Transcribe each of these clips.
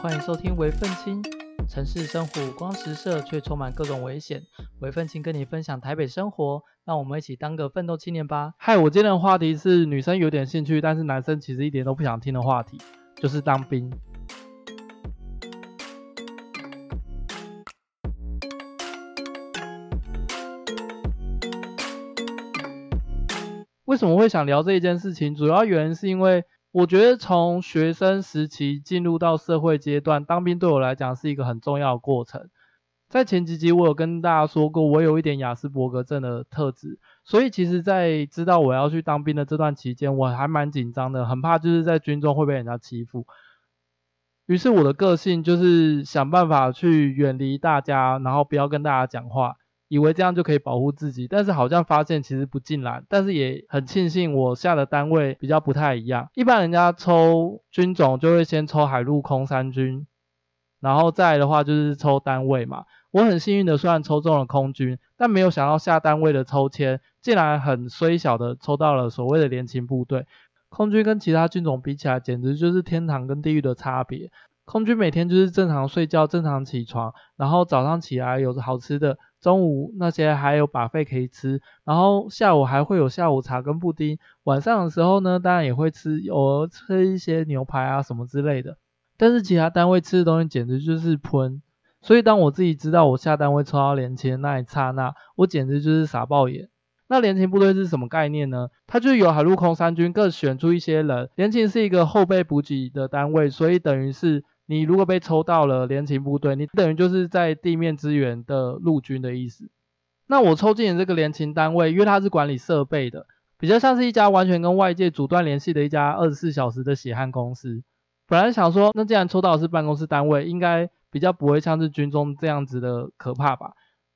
歡迎收聽《微奮青》。城市生活五光十色，卻充滿各種危險。微奮青跟你分享台北生活，讓我們一起當個奮鬥青年吧。嗨，我今天的話題是女生有點興趣，但是男生其實一點都不想聽的話題，就是當兵。為什麼會想聊這一件事情？主要原因是因為，我覺得從學生時期進入到社會階段，當兵對我來講是一個很重要的過程。在前幾集我有跟大家說過，我有一點亞斯伯格症的特質，所以其實，在知道我要去當兵的這段期間，我還蠻緊張的，很怕就是在軍中會被人家欺負。於是我的個性就是想辦法去遠離大家，然後不要跟大家講話。以為這樣就可以保護自己，但是好像發現其實不盡然，但是也很慶幸我下的單位比較不太一樣。一般人家抽軍種就會先抽海陸空三軍，然後再來的話就是抽單位嘛。我很幸運的，雖然抽中了空軍，但沒有想到下單位的抽籤竟然很衰小的抽到了所謂的聯勤部隊。空軍跟其他軍種比起來，簡直就是天堂跟地獄的差別。空軍每天就是正常睡覺、正常起床，然後早上起來有着好吃的。中午那些還有 buffet 可以吃，然後下午還會有下午茶跟布丁，晚上的時候呢，當然也會吃，偶爾吃一些牛排啊什麼之類的。但是其他單位吃的東西簡直就是噴，所以當我自己知道我下單位抽到聯勤那一剎那，我簡直就是傻爆眼。那聯勤部隊是什麼概念呢？它就由海陸空三軍各選出一些人，聯勤是一個後備補給的單位，所以等於是。你如果被抽到了聯勤部隊，你等於就是在地面支援的陸軍的意思。那我抽進的這個聯勤單位，因為它是管理設備的，比較像是一家完全跟外界阻斷聯繫的一家二十四小時的血汗公司。本來想說，那既然抽到的是辦公室單位，應該比較不會像是軍中這樣子的可怕吧？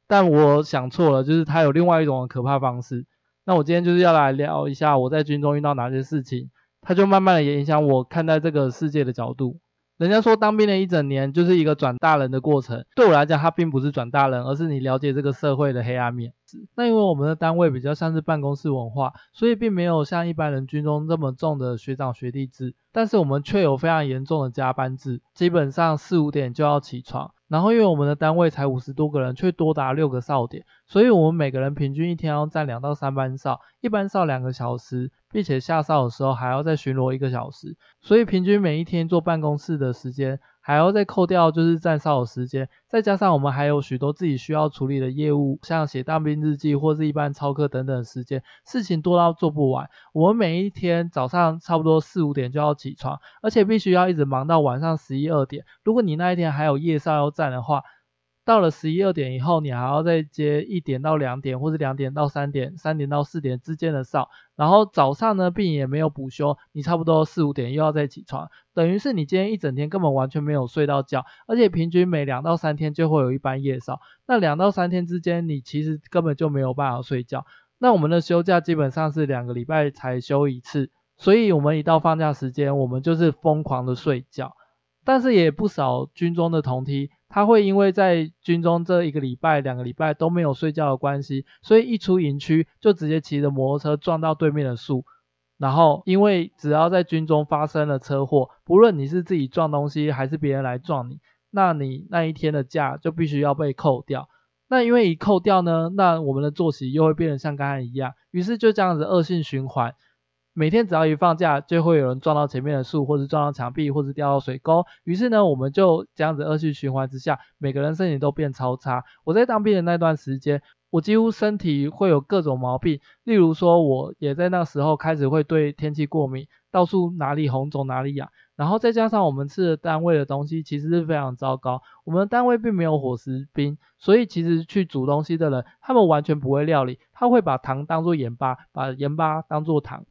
但我想錯了，就是它有另外一種可怕方式。那我今天就是要來聊一下我在軍中遇到哪些事情，它就慢慢的也影響我看待這個世界的角度。人家說當兵的一整年就是一個轉大人的過程，對我來講，他並不是轉大人，而是你了解這個社會的黑暗面。那因為我們的單位比較像是辦公室文化，所以並沒有像一般人軍中這麼重的學長學弟制，但是我們卻有非常嚴重的加班制，基本上四五點就要起床。然後因為我們的單位才五十多個人，卻多達六個哨點，所以我們每個人平均一天要站兩到三班哨，一班哨兩個小時，並且下哨的時候還要再巡邏一個小時，所以平均每一天坐辦公室的時間。還要再扣掉，就是站哨的時間，再加上我們還有許多自己需要處理的業務，像寫當兵日記或是一般操課，等等的時間，事情多到做不完。我們每一天早上差不多四五點就要起床，而且必須要一直忙到晚上十一二點。如果你那一天還有夜哨要站的話，到了十一二點以後，你還要再接一點到兩點，或是兩點到三點、三點到四點之間的哨。然後早上呢，並也沒有補休，你差不多四五點又要再起床，等於是你今天一整天根本完全沒有睡到覺。而且平均每兩到三天就會有一班夜哨，那兩到三天之間，你其實根本就沒有辦法睡覺。那我們的休假基本上是兩個禮拜才休一次，所以我們一到放假時間，我們就是瘋狂的睡覺。但是也不少軍中的同梯。他會因為在軍中這一個禮拜、兩個禮拜都沒有睡覺的關係，所以一出營區就直接騎着摩托車撞到對面的樹。然後，因為只要在軍中發生了車禍，不論你是自己撞東西還是別人來撞你，那你那一天的假就必須要被扣掉。那因為一扣掉呢，那我們的作息又會變得像剛才一樣，於是就這樣子惡性循環。每天只要一放假，就會有人撞到前面的樹，或是撞到牆壁，或是掉到水溝。於是呢，我們就這樣子惡性循環之下，每個人身體都變超差。我在當兵的那段時間，我幾乎身體會有各種毛病，例如說，我也在那時候開始會對天氣過敏，到處哪裡紅腫哪裡癢、啊。然後再加上我們吃的單位的東西其實是非常糟糕。我們的單位並沒有伙食兵，所以其實去煮東西的人，他們完全不會料理，他會把糖當做鹽巴，把鹽巴當做糖。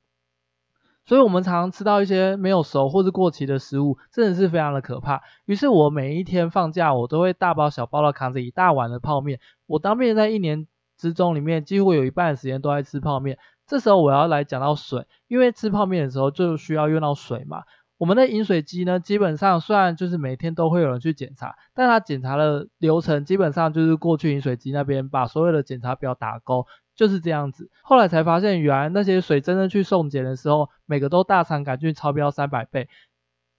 所以，我們常常吃到一些沒有熟或是過期的食物，真的是非常的可怕。於是，我每一天放假，我都會大包小包的扛着一大碗的泡麵。我當面在一年之中裡面，幾乎有一半的時間都在吃泡麵。這時候，我要來講到水，因為吃泡麵的時候就需要用到水嘛。我們的飲水機呢，基本上雖然就是每天都會有人去檢查，但它檢查的流程基本上就是過去飲水機那邊，把所有的檢查表打勾。就是這樣子，後來才發現，原來那些水真正去送檢的時候，每個都大腸桿菌超標三百倍。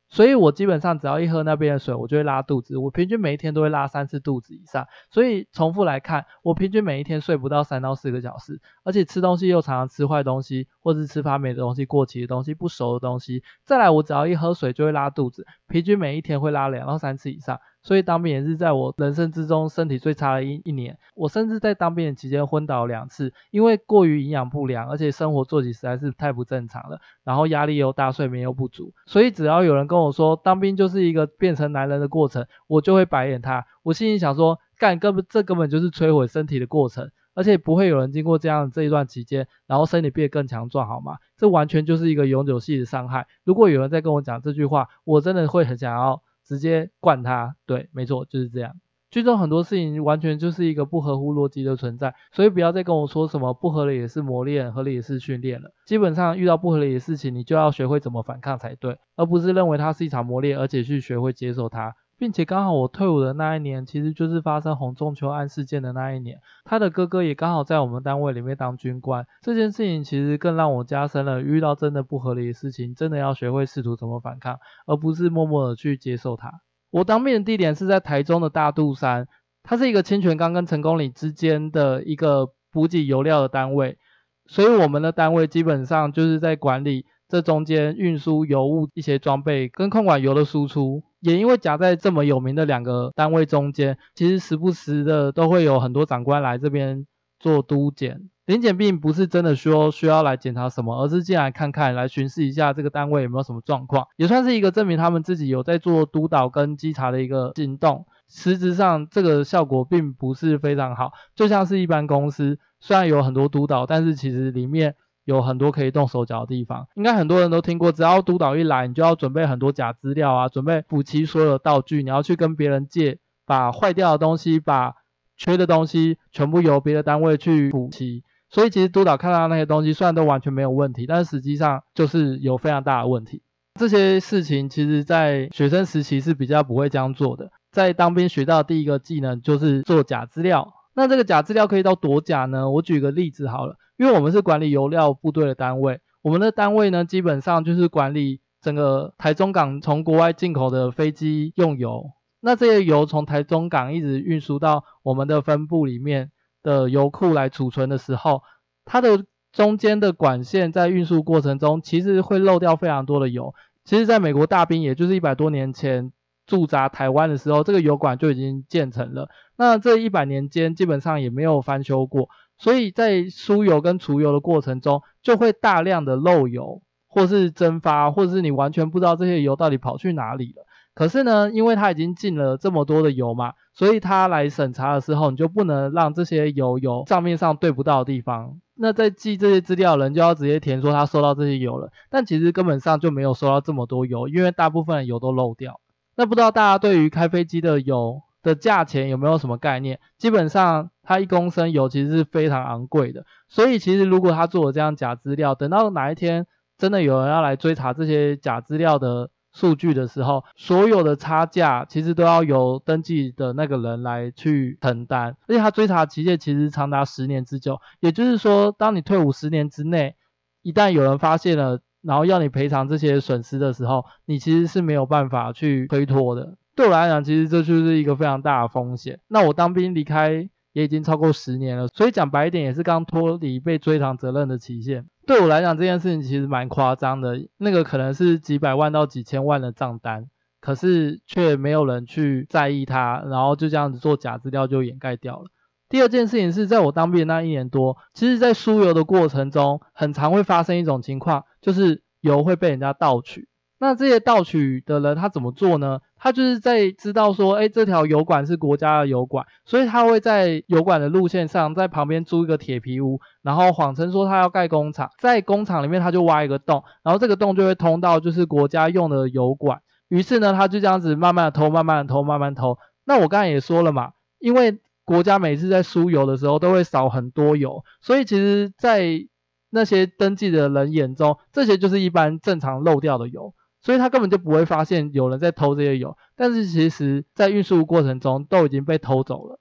所以我基本上只要一喝那邊的水，我就會拉肚子。我平均每一天都會拉三次肚子以上。所以重複來看，我平均每一天睡不到三到四個小時，而且吃東西又常常吃壞東西，或是吃發霉的東西、過期的東西、不熟的東西。再來，我只要一喝水就會拉肚子，平均每一天會拉兩到三次以上。所以當兵也是在我人生之中身體最差的一一年，我甚至在當兵的期間昏倒了兩次，因為過於營養不良，而且生活作息實在是太不正常了，然後壓力又大，睡眠又不足。所以只要有人跟我說當兵就是一個變成男人的過程，我就會白眼他。我心裡想說，幹，根本這根本就是摧毀身體的過程，而且不會有人經過這樣的這一段期間，然後身體變得更強壯好嗎？這完全就是一個永久性的傷害。如果有人再跟我講這句話，我真的會很想要。直接灌他，對，沒錯，就是這樣。軍中很多事情完全就是一個不合乎邏輯的存在，所以不要再跟我說什麼不合理也是磨練，合理也是訓練了。基本上遇到不合理的事情，你就要學會怎麼反抗才對，而不是認為它是一場磨練，而且去學會接受它。並且剛好我退伍的那一年，其實就是發生洪仲丘案事件的那一年。他的哥哥也剛好在我們單位裡面當軍官。這件事情其實更讓我加深了，遇到真的不合理的事情，真的要學會試圖怎麼反抗，而不是默默的去接受它。我當兵的地點是在台中的大肚山，它是一個清泉崗跟成功嶺之間的一個補給油料的單位，所以我們的單位基本上就是在管理。這中間運輸油物一些裝備跟空管油的輸出，也因為夾在這麼有名的兩個單位中間，其實時不時的都會有很多長官來這邊做督檢。臨檢並不是真的說需，需要來檢查什麼，而是進來看看，來巡視一下這個單位有沒有什麼狀況，也算是一個證明他們自己有在做督導跟稽查的一個行動。實質上這個效果並不是非常好，就像是一般公司，雖然有很多督導，但是其實裡面，有很多可以動手腳的地方，應該很多人都聽過，只要督導一來，你就要準備很多假資料啊，準備補齊所有的道具，你要去跟別人借，把壞掉的東西，把缺的東西，全部由別的單位去補齊。所以其實督導看到的那些東西，雖然都完全沒有問題，但實際上就是有非常大的問題。這些事情其實，在學生時期是比較不會這樣做的，在當兵學到的第一個技能就是做假資料。那這個假資料可以到多假呢？我舉個例子好了。因為我們是管理油料部隊的單位，我們的單位呢，基本上就是管理整個台中港從國外進口的飛機用油。那這些油從台中港一直運輸到我們的分部裡面的油庫來儲存的時候，它的中間的管線在運輸過程中其實會漏掉非常多的油。其實在美國大兵，也就是一百多年前，駐紮台灣的時候，這個油管就已經建成了。那這一百年間基本上也沒有翻修過。所以在輸油跟除油的過程中，就會大量的漏油，或是蒸發，或者是你完全不知道這些油到底跑去哪裡了。可是呢，因為它已經進了這麼多的油嘛，所以它來審查的時候，你就不能讓這些油油賬面上對不到的地方。那在記這些資料的人就要直接填說他收到這些油了，但其實根本上就沒有收到這麼多油，因為大部分的油都漏掉。那不知道大家對於開飛機的油，的價錢有沒有什麼概念？基本上，它一公升油其實是非常昂貴的。所以，其實如果他做了這樣假資料，等到哪一天真的有人要來追查這些假資料的數據的時候，所有的差價其實都要由登記的那個人來去承擔。而且，他追查期限其實長達十年之久。也就是說，當你退伍十年之內，一旦有人發現了，然後要你賠償這些損失的時候，你其實是沒有辦法去推脫的。對我來講，其實這就是一個非常大的風險。那我當兵離開也已經超過十年了，所以講白一點，也是剛脫離被追償責任的期限。對我來講，這件事情其實蠻誇張的，那個可能是幾百萬到幾千萬的賬單，可是卻沒有人去在意它，然後就這樣子做假資料就掩蓋掉了。第二件事情是在我當兵的那一年多，其實在輸油的過程中，很常會發生一種情況，就是油會被人家盜取。那這些盜取的人他怎麼做呢？他就是在知道說，哎、欸，這條油管是國家的油管，所以他會在油管的路線上，在旁邊租一個鐵皮屋，然後謊稱說他要蓋工廠，在工廠裡面他就挖一個洞，然後這個洞就會通到就是國家用的油管。於是呢，他就這樣子慢慢的偷，慢慢的偷，慢慢偷。那我剛才也說了嘛，因為國家每次在輸油的時候都會少很多油，所以其實，在那些登記的人眼中，這些就是一般正常漏掉的油。所以他根本就不會發現有人在偷這些油，但是其實，在運輸過程中都已經被偷走了。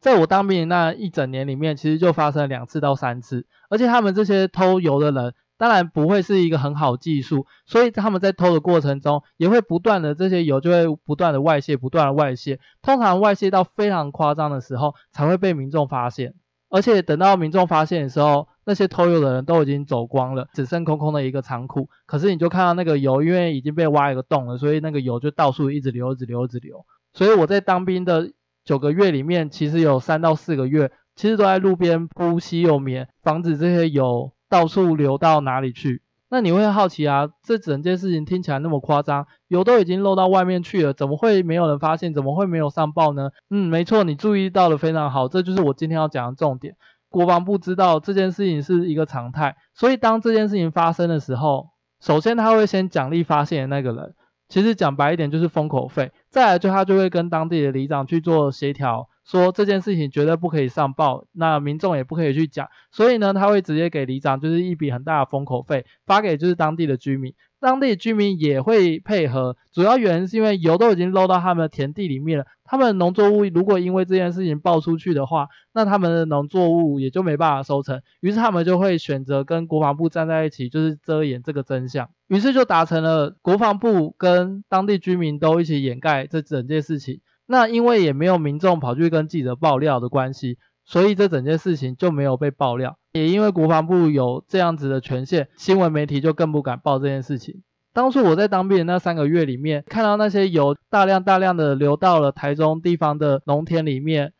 在我當兵的那一整年裡面，其實就發生了兩次到三次。而且他們這些偷油的人，當然不會是一個很好的技術，所以他們在偷的過程中，也會不斷的這些油就會不斷的外泄，不斷的外泄。通常外泄到非常誇張的時候，才會被民眾發現。而且等到民眾發現的時候，那些偷油的人都已經走光了，只剩空空的一個倉庫。可是你就看到那個油，因為已經被挖一個洞了，所以那個油就到處一直流，一直流，一直流。所以我在當兵的九個月裡面，其實有三到四個月，其實都在路邊鋪吸油棉，防止這些油到處流到哪裡去。那你會好奇啊，這整件事情聽起來那麼誇張，油都已經漏到外面去了，怎麼會沒有人發現？怎麼會沒有上報呢？嗯，沒錯，你注意到了，非常好，這就是我今天要講的重點。國防部知道這件事情是一個常態，所以當這件事情發生的時候，首先他會先獎勵發現的那個人，其實講白一點就是封口費。再來就他就會跟當地的里長去做協調，說這件事情絕對不可以上報，那民眾也不可以去講。所以呢，他會直接給里長就是一筆很大的封口費，發給就是當地的居民。當地居民也會配合，主要原因是因為油都已經漏到他們的田地裡面了。他們的農作物如果因為這件事情爆出去的話，那他們的農作物也就沒辦法收成。於是他們就會選擇跟國防部站在一起，就是遮掩這個真相。於是就達成了國防部跟當地居民都一起掩蓋這整件事情。那因為也沒有民眾跑去跟記者爆料的關係。所以這整件事情就沒有被爆料，也因為國防部有這樣子的權限，新聞媒體就更不敢報這件事情。當初我在當兵的那三個月裡面，看到那些油大量大量的流到了台中地方的農田裡面，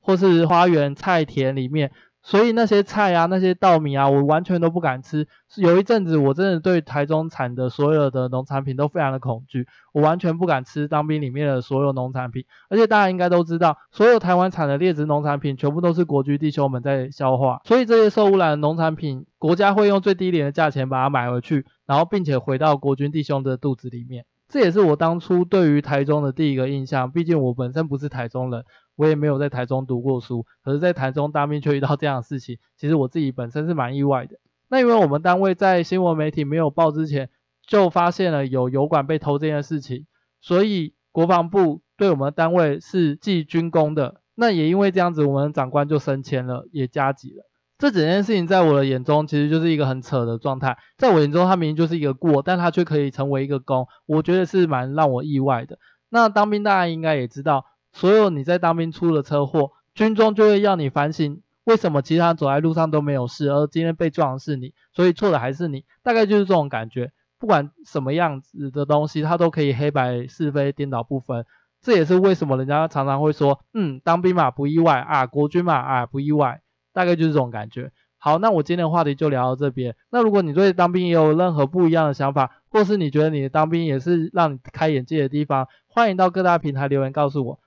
或是花園菜田裡面。所以那些菜啊，那些稻米啊，我完全都不敢吃。有一陣子，我真的對台中產的所有的農產品都非常的恐懼，我完全不敢吃當兵裡面的所有農產品。而且大家應該都知道，所有台灣產的劣質農產品，全部都是國軍弟兄們在消化。所以這些受污染的農產品，國家會用最低廉的價錢把它買回去，然後並且回到國軍弟兄的肚子裡面。這也是我當初對於台中的第一個印象，畢竟我本身不是台中人。我也沒有在台中讀過書，可是，在台中當兵卻遇到這樣的事情，其實我自己本身是蠻意外的。那因為我們單位在新聞媒體沒有報之前，就發現了有油管被偷這件事情，所以國防部對我們的單位是記軍功的。那也因為這樣子，我們的長官就升遷了，也加級了。這整件事情在我的眼中，其實就是一個很扯的狀態。在我眼中，他明明就是一個過，但他卻可以成為一個功，我覺得是蠻讓我意外的。那當兵大家應該也知道。所有你在當兵出了車禍，軍中就會要你反省為什麼其他人走在路上都沒有事，而今天被撞的是你，所以錯的還是你，大概就是這種感覺。不管什麼樣子的東西，它都可以黑白是非顛倒不分，這也是為什麼人家常常會說，嗯，當兵嘛不意外啊，國軍嘛啊不意外，大概就是這種感覺。好，那我今天的話題就聊到這邊。那如果你對當兵也有任何不一樣的想法，或是你覺得你的當兵也是讓你開眼界的地方，歡迎到各大平台留言告訴我。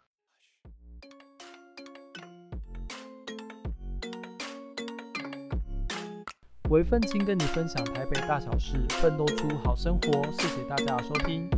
微奮青跟你分享台北大小事，奮鬥出好生活。謝謝大家的收聽。